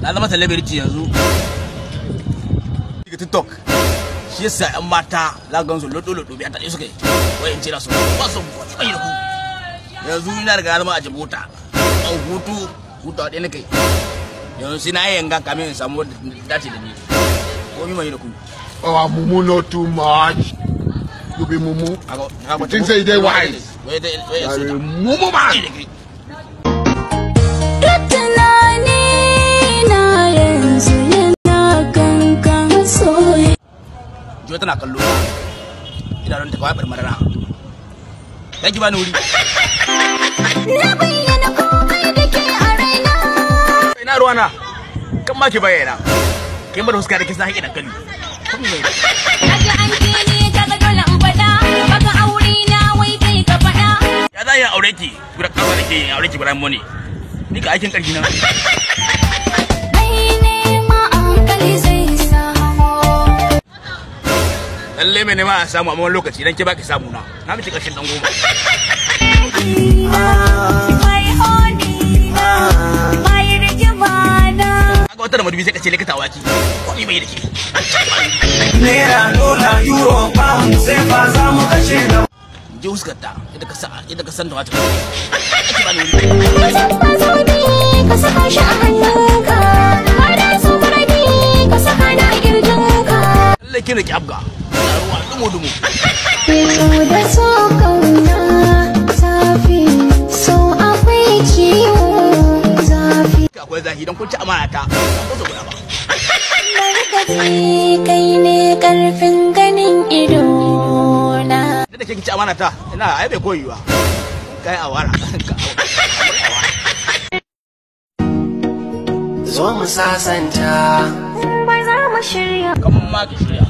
na zama celebrity yanzu daga tiktok shi yasa yan mata su lodo lodo biya suka yi wai in su ba su ba ku yanzu daga zama a an hutu hutu a ɗaya yanzu sai na yanga kamin in samu dace da ni ko mi mai da ku oh mumu no too much you be mumu i got i got things say wise mumu man juya tana kallo idanun ta kawai barmarana ya ba ni wuri na bayyana komai da ke a raina ina ruwana kan ma ki bayyana kai mara huska da kisa haƙi dankali ya za a yi aure ki guda kawai da ke aure ki guda mone ni ka aikin ƙarfi na ne mai nema a samu a wani lokaci idan ke baki samu na na miki kashin dan goma kaga wata da madubi sai ka ce likita waki kuɗi bai da ke naira dola euro pound sai fa za mu kashe je huskar ta idan ka san da wata kina ki abga ruwa dumo dumo so da so kauna safi so akwai ciwo zafi akwai zafi dan kun ci amana ta ko so kuna ba kai ne karfin ganin ido na da kike ci amana ta ina ai bai koyuwa kai awara zo mu sasanta kuma za mu shirya kamar ma ki shirya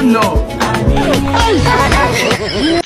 don't know.